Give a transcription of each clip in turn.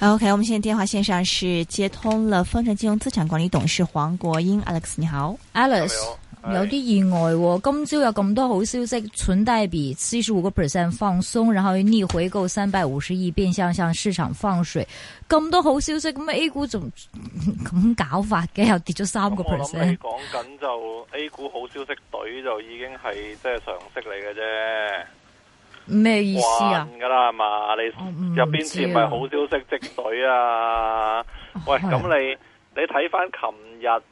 O、okay, K，我們現在電話線上是接通了豐盛金融資產管理董事黃國英 Alex，你好，Alex，有啲意外、哦、今朝有咁多好消息，存貸比四十五個 percent 放鬆，然後逆回購三百五十億變相向市場放水，咁多好消息，咁啊 A 股仲咁搞法嘅，又跌咗三個 percent。我你講緊就 A 股好消息隊就已經係即係常識嚟嘅啫。咩意思啊？噶啦，係嘛？你入邊似唔係好消息即懟啊？喂，咁你你睇翻琴日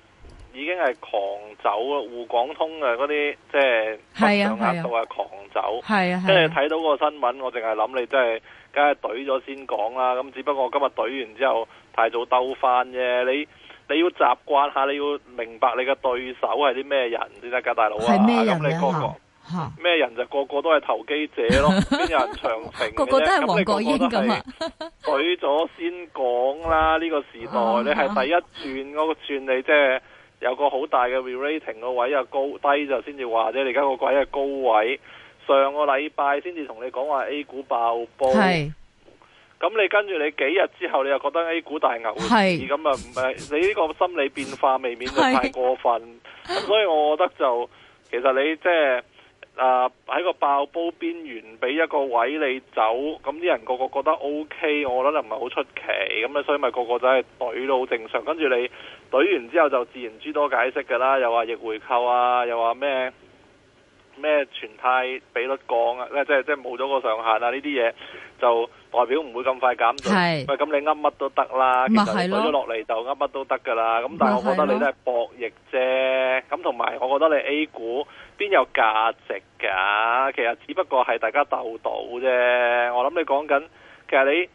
已經係狂走啊，滬港通啊嗰啲即係上額度啊，狂走。係啊，跟住睇到個新聞，我淨係諗你真係梗係懟咗先講啦。咁只不過今日懟完之後太早兜翻啫。你你要習慣下，你要明白你嘅對手係啲咩人先得噶，大佬啊，咁你個個。咩人就個個都係投機者咯？邊有 人長情 個個都係黃國英咁啊？ 睇咗先講啦，呢、這個時代 你係第一轉嗰、那個轉，你即係有個好大嘅 re-rating 個位啊，高低就先至話啫。你而家個位係高位，上個禮拜先至同你講話 A 股爆煲，咁你跟住你幾日之後，你又覺得 A 股大牛市，咁啊唔係你呢個心理變化未免就太過分。咁 所以我覺得就其實你即、就、係、是。啊！喺個爆煲邊緣俾一個位你走，咁啲人個個覺得 OK，我覺得又唔係好出奇，咁咧所以咪個個都係隊到正常，跟住你隊完之後就自然諸多解釋㗎啦，又話逆回購啊，又話咩咩存貸比率降啊，即係即係冇咗個上限啊，呢啲嘢就。外表唔會咁快減，到，咁、嗯、你噏乜都得啦，其實舉咗落嚟就噏乜都得噶啦。咁、就是、但係我覺得你都係博弈啫。咁同埋我覺得你 A 股邊有價值㗎？其實只不過係大家鬥到啫。我諗你講緊其實你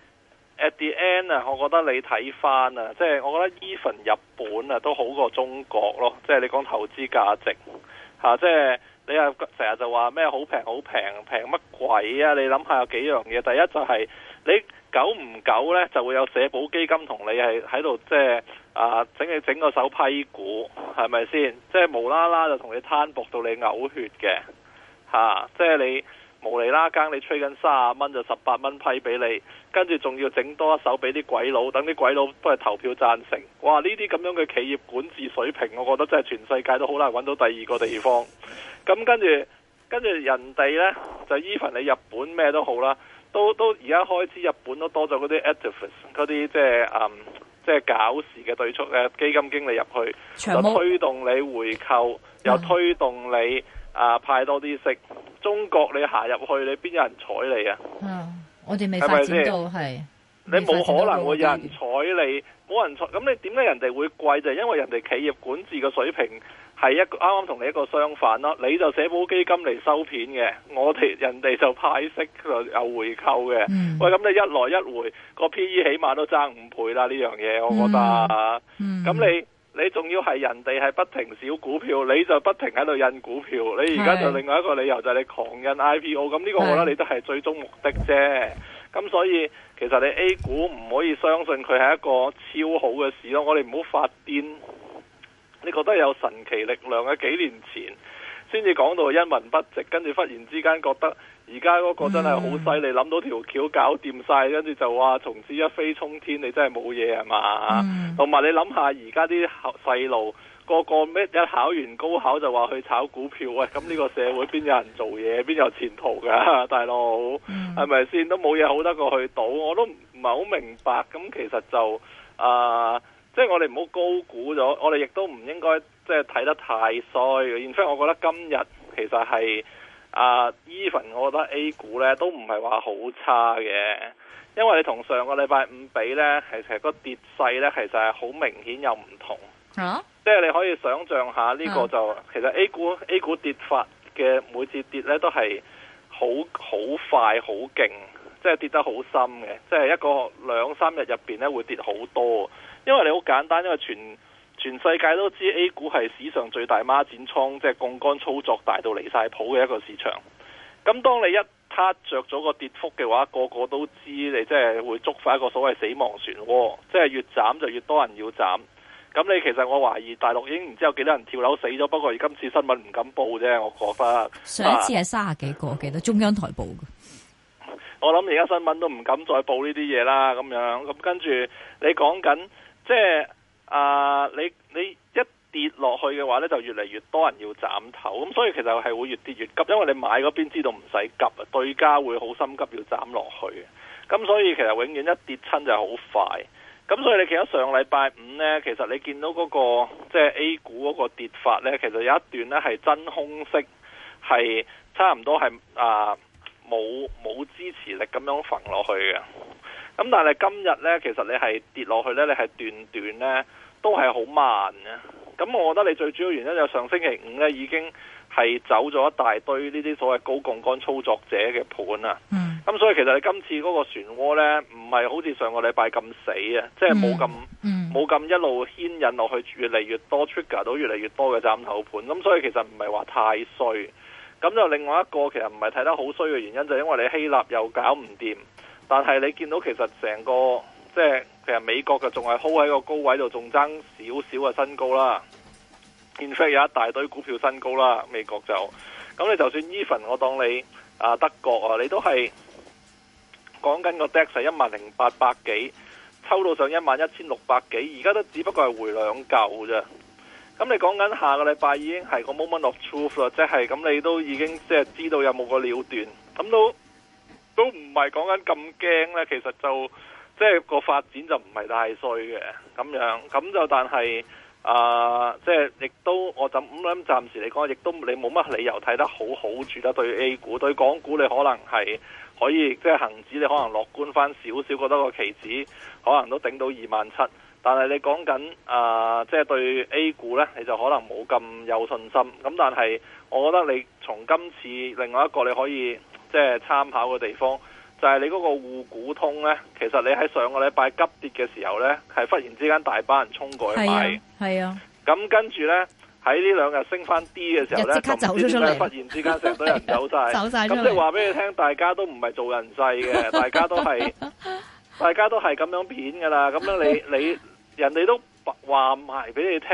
at the end 啊，我覺得你睇翻啊，即、就、係、是、我覺得 even 日本啊都好過中國咯。即、就、係、是、你講投資價值即係、啊就是、你又成日就話咩好平好平平乜鬼啊？你諗下有幾樣嘢？第一就係、是你久唔久呢，就會有社保基金同你喺度，即係啊，整你整個手批股，係咪先？即係無啦啦就同你攤薄到你嘔血嘅吓，即係你無厘啦更，你吹緊卅蚊就十八蚊批俾你，跟住仲要整多一手俾啲鬼佬，等啲鬼佬都係投票贊成。哇！呢啲咁樣嘅企業管治水平，我覺得真係全世界都好難揾到第二個地方。咁跟住跟住人哋呢，就 even 你日本咩都好啦。都都而家開始，日本都多咗嗰啲 activist 嗰啲即係嗯，即、就、係、是、搞事嘅對沖嘅、啊、基金經理入去，就推動你回購，又推動你啊，啊派多啲息。中國你行入去，你邊有人睬你啊？嗯、啊，我哋未發展到，係你冇可能會有人睬你，冇人睬。咁你點解人哋會貴？就係、是、因為人哋企業管治嘅水平。係一個啱啱同你一個相反咯，你就社保基金嚟收片嘅，我哋人哋就派息又回購嘅，嗯。喂，咁你一來一回，這個 P E 起碼都爭五倍啦呢樣嘢，我覺得。咁、嗯嗯、你你仲要係人哋係不停少股票，你就不停喺度印股票。你而家就另外一個理由就係、是、你狂印 I P O，咁呢個我覺得你都係最終目的啫。咁所以其實你 A 股唔可以相信佢係一個超好嘅市咯，我哋唔好發癲。你覺得有神奇力量嘅，幾年前先至講到一文不值，跟住忽然之間覺得而家嗰個真係好犀利，諗、mm. 到條橋搞掂晒。跟住就話從此一飛沖天，你真係冇嘢係嘛？同、mm. 埋你諗下而家啲細路個個咩一考完高考就話去炒股票啊？咁呢個社會邊有人做嘢，邊有前途㗎？大佬係咪先都冇嘢好得過去賭，我都唔係好明白。咁其實就啊～、呃即係我哋唔好高估咗，我哋亦都唔應該即係睇得太衰。而且我覺得今日其實係啊，even 我覺得 A 股咧都唔係話好差嘅，因為你同上個禮拜五比咧，其實個跌勢咧其實係好明顯又唔同。啊、即係你可以想象下呢個就、嗯、其實 A 股 A 股跌法嘅每次跌咧都係好好快好勁，即係跌得好深嘅，即係一個兩三日入邊咧會跌好多。因為你好簡單，因為全全世界都知 A 股係史上最大孖展倉，即係槓桿操作大到離晒譜嘅一個市場。咁當你一撻着咗個跌幅嘅話，個個都知道你即係會觸發一個所謂死亡漩渦，即係越斬就越多人要斬。咁你其實我懷疑大陸已經唔知有幾多人跳樓死咗，不過而今次新聞唔敢報啫。我覺得上一次係卅幾個，啊、我記得中央台報的。我諗而家新聞都唔敢再報呢啲嘢啦。咁樣咁跟住你講緊。即係啊、呃、你你一跌落去嘅話咧，就越嚟越多人要斬頭，咁所以其實係會越跌越急，因為你買嗰邊知道唔使急啊，對家會好心急要斬落去，咁所以其實永遠一跌親就係好快，咁所以你記得上禮拜五咧，其實你見到嗰、嗰個即係 A 股嗰個跌法咧，其實有一段咧係真空式，係差唔多係啊冇冇支持力咁樣揈落去嘅。咁但係今日呢，其實你係跌落去呢，你係段段呢都係好慢嘅。咁我覺得你最主要原因就上星期五呢已經係走咗一大堆呢啲所謂高槓桿操作者嘅盤啊。咁、mm. 所以其實你今次嗰個漩渦呢，唔係好似上個禮拜咁死啊，即係冇咁冇咁一路牽引落去越嚟越多 trigger 到越嚟越多嘅斬頭盤。咁所以其實唔係話太衰。咁就另外一個其實唔係睇得好衰嘅原因就係、因為你希臘又搞唔掂。但係你見到其實成個即係、就是、其實美國嘅仲係 hold 喺個高位度，仲爭少少嘅新高啦。In fact 有一大堆股票新高啦，美國就咁你就算 even 我當你啊德國啊，你都係講緊個 DAX 一萬零八百幾，抽到上一萬一千六百幾，而家都只不過係回兩嚿啫。咁你講緊下個禮拜已經係個 moment of truth 啦即係咁你都已經即係、就是、知道有冇個了斷咁都。都唔係講緊咁驚呢，其實就即係、就是、個發展就唔係太衰嘅咁樣，咁就但係即係亦都我就咁諗，暫時嚟講，亦都你冇乜理由睇得好好住啦。對 A 股、對港股，你可能係可以即係恒指，你可能樂觀翻少少，覺得個期指可能都頂到二萬七。但係你講緊即係對 A 股呢，你就可能冇咁有，有信心。咁但係，我覺得你從今次另外一個你可以，即係參考嘅地方，就係、是、你嗰個滬股通呢，其實你喺上個禮拜急跌嘅時候呢，係忽然之間大班人衝過去買，咁、啊啊、跟住呢，喺呢兩日升翻啲嘅時候咧，咁啲人忽然之間成堆人走晒。咁、啊、即係話俾你聽，大家都唔係做人事嘅， 大家都係 大家都係咁樣片㗎啦。咁樣你你 人哋都話埋俾你聽。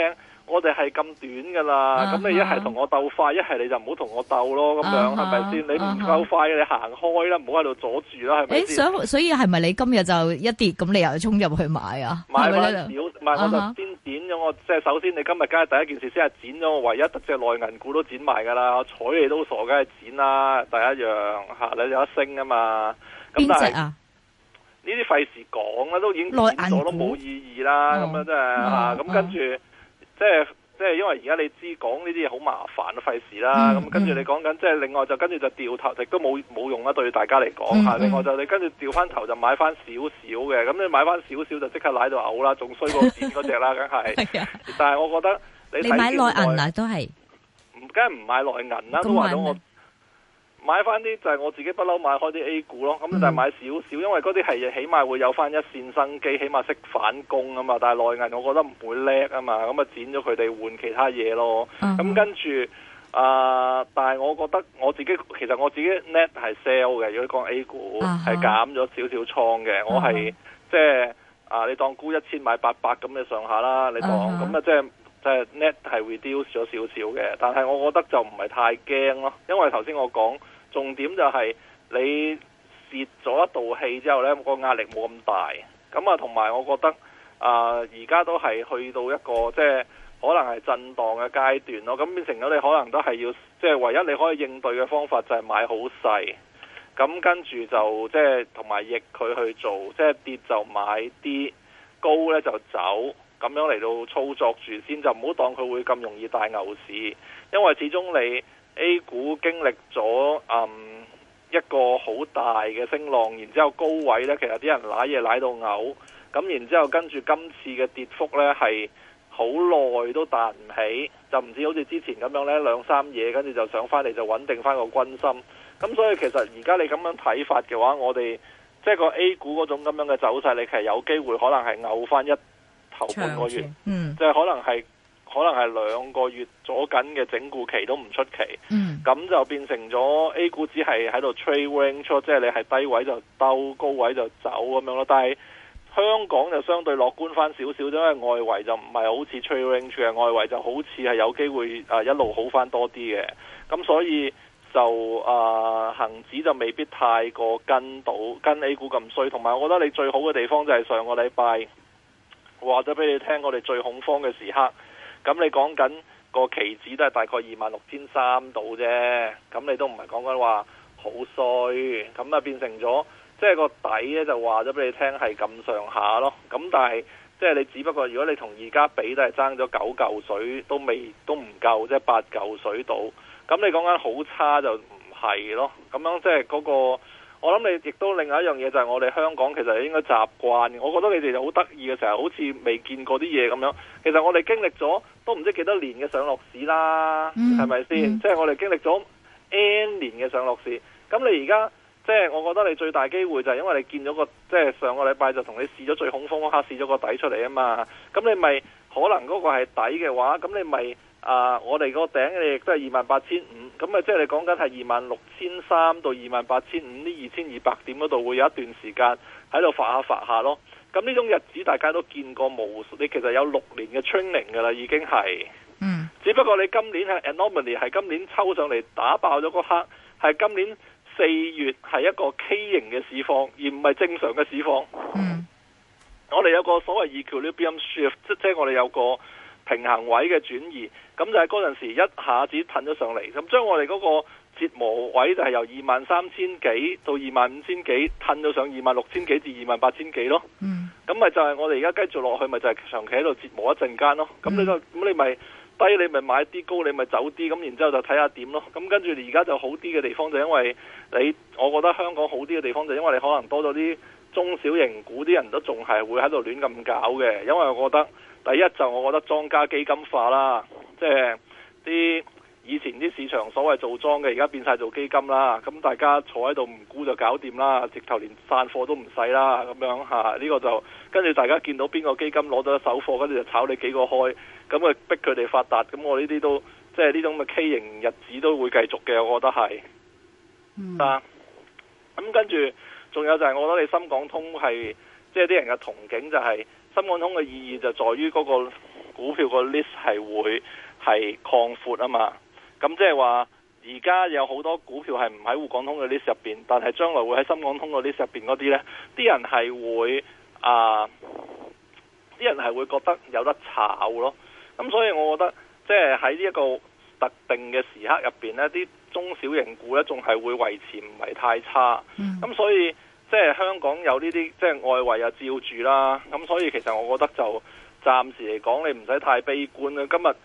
我哋係咁短噶啦，咁、uh -huh. 你一係同我鬥快，一係你就唔好同我鬥咯，咁樣係咪先？你唔夠快，uh -huh. 你行開啦，唔好喺度阻住啦，係咪、欸、所以係係咪你今日就一跌咁，你又衝入去買啊？買翻料、啊 -huh.，買我就、uh -huh. 先剪咗我，即係首先你今日梗係第一件事先係剪咗我唯一得隻內銀股都剪埋噶啦，睬你都傻，梗係剪啦，第一樣吓，你有一升啊嘛？邊隻啊？呢啲費事講啦，都已經做都冇意義啦，咁、uh -huh. 樣真係吓，咁、uh -huh. 嗯 uh -huh. 跟住。即係即係，因為而家你知講呢啲嘢好麻煩，費事啦。咁、嗯、跟住你講緊，即係另外就跟住就掉頭,亦都冇冇用啦。對大家嚟講，吓、嗯、另外就你跟住掉翻頭就買翻少少嘅，咁你買翻少少就即刻奶到嘔 啦，仲衰過前嗰隻啦，梗係。但係我覺得你，你買內銀啦都係，唔梗係唔買內銀啦，都話咗我。買翻啲就係我自己不嬲買開啲 A 股咯，咁就買少少、嗯，因為嗰啲係起碼會有翻一線生機，起碼識反攻啊嘛。但係內銀，我覺得唔會叻啊嘛，咁啊剪咗佢哋換其他嘢咯。咁跟住啊，但係我覺得我自己其實我自己 net 係 sell 嘅，如果講 A 股係、啊、減咗少少倉嘅，我係即係啊，你當沽一千買八百咁嘅上下啦，你當咁啊即係即係 net 係 reduce 咗少少嘅。但係我覺得就唔係太驚咯，因為頭先我講。重點就係你蝕咗一道氣之後呢，個壓力冇咁大。咁啊，同埋我覺得啊，而、呃、家都係去到一個即係可能係震盪嘅階段咯。咁變成咗你可能都係要即係唯一你可以應對嘅方法就係買好細。咁跟住就即係同埋逆佢去做，即係跌就買啲，高呢就走。咁樣嚟到操作住先，就唔好當佢會咁容易大牛市，因為始終你。A 股經歷咗，嗯，一個好大嘅升浪，然之後高位呢，其實啲人舐嘢舐到嘔，咁然之後跟住今次嘅跌幅呢，係好耐都彈唔起，就唔知好似之前咁樣呢兩三嘢跟住就上翻嚟，就穩定翻個軍心。咁所以其實而家你咁樣睇法嘅話，我哋即係個 A 股嗰種咁樣嘅走勢，你其實有機會可能係嘔翻一頭半個月，嗯，係、就係、可能係。可能係兩個月左右嘅整固期都唔出奇，咁、嗯、就變成咗 A 股只係喺度 trading range，即係你係低位就兜，高位就走咁樣咯。但係香港就相對樂觀翻少少，因為外圍就唔係好似 trading range，嘅外圍就好似係有機會、啊、一路好翻多啲嘅。咁所以就誒、啊、恆指就未必太過跟到跟 A 股咁衰。同埋我覺得你最好嘅地方就係上個禮拜話咗俾你聽，我哋最恐慌嘅時刻。咁你講緊個期指都係大概二萬六千三度啫，咁你都唔係講緊話好衰，咁啊變成咗即係個底咧就話咗俾你聽係咁上下咯。咁但係即係你只不過如果你同而家比都係爭咗九嚿水，都未都唔夠即係八嚿水度。咁你講緊好差就唔係咯。咁樣即係嗰個。我諗你亦都另外一樣嘢就係我哋香港其實應該習慣，我覺得你哋就好得意嘅時候，好似未見過啲嘢咁樣。其實我哋經歷咗都唔知幾多年嘅上落市啦，係咪先？即係、嗯就是、我哋經歷咗 N 年嘅上落市。咁你而家即係我覺得你最大機會就係因為你見咗個即係、就是、上個禮拜就同你試咗最恐慌嗰刻試咗個底出嚟啊嘛。咁你咪可能嗰個係底嘅話，咁你咪。啊！我哋個頂咧亦都係二萬八千五，咁啊，即係你講緊係二萬六千三到二萬八千五呢二千二百點嗰度會有一段時間喺度發下發下咯。咁呢種日子大家都見過無數，你其實有六年嘅春寧㗎啦，已經係。嗯。只不過你今年係 Anomaly 係今年抽上嚟打爆咗嗰刻，係今年四月係一個 K 型嘅市況，而唔係正常嘅市況。嗯。我哋有個所謂 Equilibrium Shift，即係我哋有個。平衡位嘅轉移，咁就係嗰陣時一下子褪咗上嚟，咁將我哋嗰個折磨位就係由二萬三千幾到二萬五千幾褪到上二萬六千幾至二萬八千幾咯。咁、mm. 咪就係我哋而家繼續落去，咪就係、是、長期喺度折磨一陣間咯。咁你個咁你咪低你咪買啲，高你咪走啲，咁然之後就睇下點咯。咁跟住而家就好啲嘅地方就係、因為你，我覺得香港好啲嘅地方就係、因為你可能多咗啲中小型股，啲人都仲係會喺度亂咁搞嘅，因為我覺得。第一就，我覺得莊家基金化啦，即係啲以前啲市場所謂做莊嘅，而家變晒做基金啦。咁大家坐喺度唔沽就搞掂啦，直頭連散貨都唔使啦。咁樣嚇，呢、啊呢個就跟住大家見到邊個基金攞到一手貨，跟住就炒你幾個開，咁啊逼佢哋發達。咁我呢啲都即係呢種嘅畸形日子都會繼續嘅，我覺得係。嗯。咁跟住，仲有就係我覺得你深港通係，即係啲人嘅憧憬就係、係。深港通嘅意義就在於嗰個股票個 list 係會係擴闊啊嘛，咁即係話而家有好多股票係唔喺滬港通嘅 list 入邊，但係將來會喺深港通嘅 list 入邊嗰啲呢，啲人係會啊，啲人係會覺得有得炒咯。咁所以我覺得即係喺呢一個特定嘅時刻入邊呢，啲中小型股呢仲係會維持唔係太差。咁所以。即係香港有呢啲，即係外圍啊照住啦，咁所以其實我覺得就暫時嚟講，你唔使太悲觀啊。今日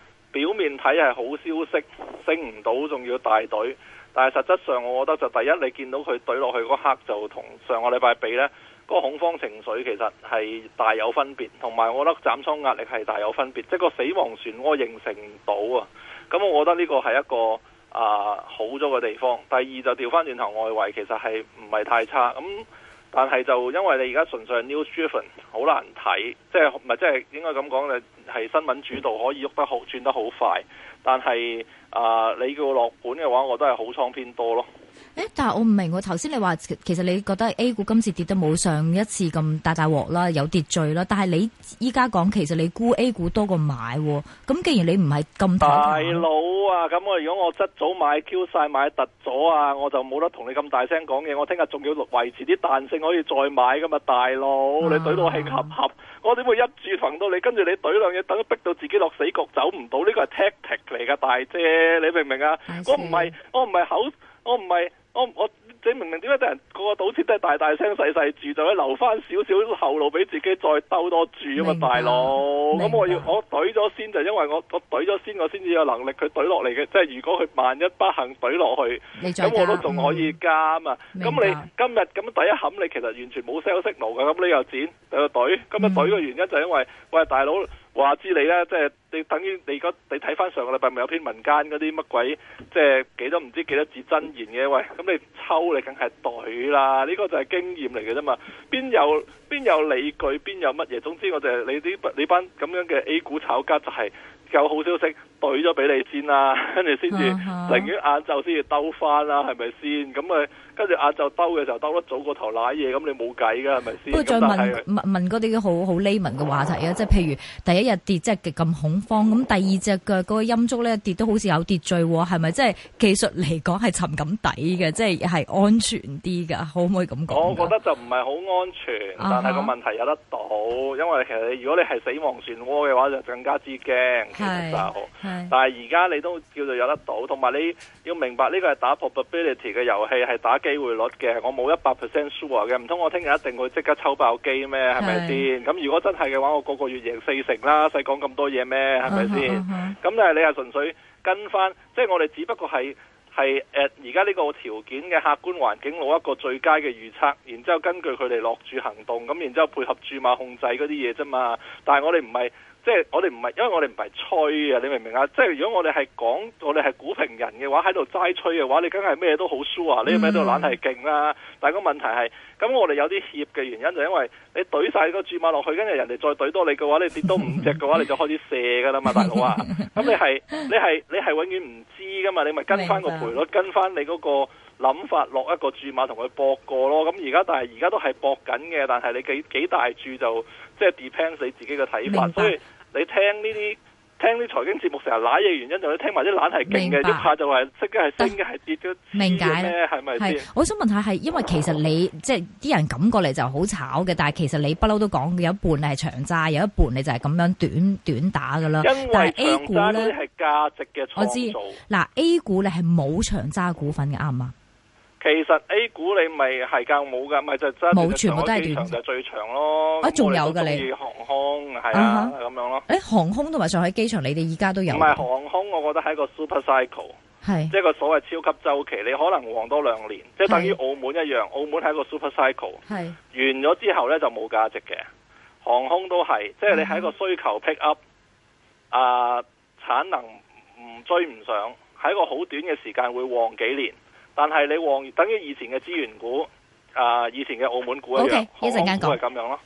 表面睇係好消息，升唔到仲要大隊，但係實質上我覺得就第一，你見到佢懟落去嗰刻就同上個禮拜比咧，嗰個恐慌情緒其實係大有分別，同埋我覺得斬倉壓力係大有分別，即係個死亡漩渦形成唔到啊，咁我覺得呢個係一個。啊，好咗個地方。第二就調翻轉頭外圍，其實係唔係太差。咁、嗯、但係就因為你而家純粹係 news driven 好難睇，即係唔係即係應該咁講，你係新聞主導可以喐得好，轉得好快。但係啊，你叫我落盤嘅話，我都係好倉偏多咯。誒、欸，但係我唔明喎，頭先你話其實你覺得 A 股今次跌得冇上一次咁大大鑊啦，有秩序啦，但係你依家講，其實你沽 A 股多過買，咁既然你唔係咁大老啊，咁我如果我執早買，Q 晒買凸咗啊，我就冇得同你咁大聲講嘢，我聽日仲要維持啲彈性可以再買噶嘛，大佬，啊、你懟到㷫烚烚，我點會一注騰到你，跟住你懟兩嘢，等逼到自己落死角走唔到，呢個係 tactic 嚟噶，大姐，你明唔明啊？我唔係我唔係口我唔係。我我你明明點解啲人個個賭錢都係大大聲細細住，就喺留翻少少後路俾自己再兜多住啊嘛，大佬。咁我要我懟咗先，就是、因為我我懟咗先，我先至有能力佢懟落嚟嘅。即係、就是、如果佢萬一不幸懟落去，咁我都仲可以加啊嘛。咁你今日咁第一冚，你其實完全冇 sell signal 嘅。咁你又剪又懟咁日懟嘅原因就因、係、為、嗯、喂，大佬。話知你啦，即係你等於你個你睇翻上個禮拜咪有篇民間嗰啲乜鬼，即係幾多唔知幾多字真言嘅，喂，咁你抽你梗係對啦，呢個就係經驗嚟嘅啫嘛，邊有邊有理據，邊有乜嘢，總之我就係你啲你班咁樣嘅 A 股炒家就係有好消息，兌咗俾你先啦，啊，跟住先至，寧願晏晝先至兜翻啦，係咪先？咁啊，跟住晏晝兜嘅時候兜得早過頭攋嘢，咁你冇計㗎，係咪先？不過再問問問嗰啲好好 layman 嘅話題啊，即、uh、係 -huh. 譬如第一日跌即係極咁恐慌，咁、uh -huh. 第二隻腳嗰個音速呢跌都好似有秩序喎、哦，係咪？即係技術嚟講係沉緊底嘅，uh -huh. 即係係安全啲㗎，可唔可以咁講？我覺得就唔係好安全，但係個問題有得到，uh -huh. 因為其實如果你係死亡漩渦嘅話，就更加之驚，uh -huh. 其實就係。Uh -huh. 但係而家你都叫做有得到，同埋你要明白呢個係打 probability 嘅遊戲，係打機會率嘅。我冇一百 percent sure 嘅，唔通我聽日一定會即刻抽爆機咩？係咪先？咁如果真係嘅話，我個個月贏四成啦，使講咁多嘢咩？係咪先？咁 但係你係純粹跟翻，即係我哋只不過係係誒而家呢個條件嘅客觀環境攞一個最佳嘅預測，然之後根據佢哋落注行動，咁然之後配合注碼控制嗰啲嘢啫嘛。但係我哋唔係。即係我哋唔係，因為我哋唔係吹啊！你明唔明啊？即係如果我哋係講，我哋係股評人嘅話，喺度齋吹嘅話，你梗係咩都好輸啊！你咪喺度懶係勁啦。但係個問題係，咁我哋有啲怯嘅原因就因為，你懟晒個注碼落去，跟住人哋再懟多你嘅話，你跌到五隻嘅話， 你就開始射噶啦嘛，大佬啊！咁 你係，你係，你係永遠唔知噶嘛，你咪跟翻個賠率， 跟翻你嗰個諗法落一個注碼同佢搏過咯。咁而家但係而家都係搏緊嘅，但係你幾幾大注就。即係 depends 你自己嘅睇法，所以你聽呢啲聽啲財經節目成日揦嘢，原因就你聽埋啲揦係勁嘅，只怕就係即係係升嘅係跌嘅。明解咧，係咪先？係，我想問下，係因為其實你、啊、即係啲人感覺嚟就好炒嘅，但係其實你不嬲都講有一半你係長揸，有一半你就係咁樣短短打噶啦。但係 A 股咧係價值嘅創造。我知嗱，A 股你係冇長揸股份嘅，啱唔啱？其實 A 股你咪係較冇噶，咪就真真冇全部都係就，就最長咯。啊，仲有噶你航空係啊咁、uh -huh. 樣咯。誒，航空同埋上海機場，你哋而家都有。同埋航空，我覺得係一個 super cycle，係即係個所謂超級周期。你可能旺多兩年，即係等於澳門一樣。澳門係一個 super cycle，係完咗之後咧就冇價值嘅。航空都係，即係你係一個需求 pick up，、嗯、啊產能唔追唔上，喺一個好短嘅時間會旺幾年。但係你旺等於以前嘅資源股，啊以前嘅澳門股一樣，全部都係咁樣咯。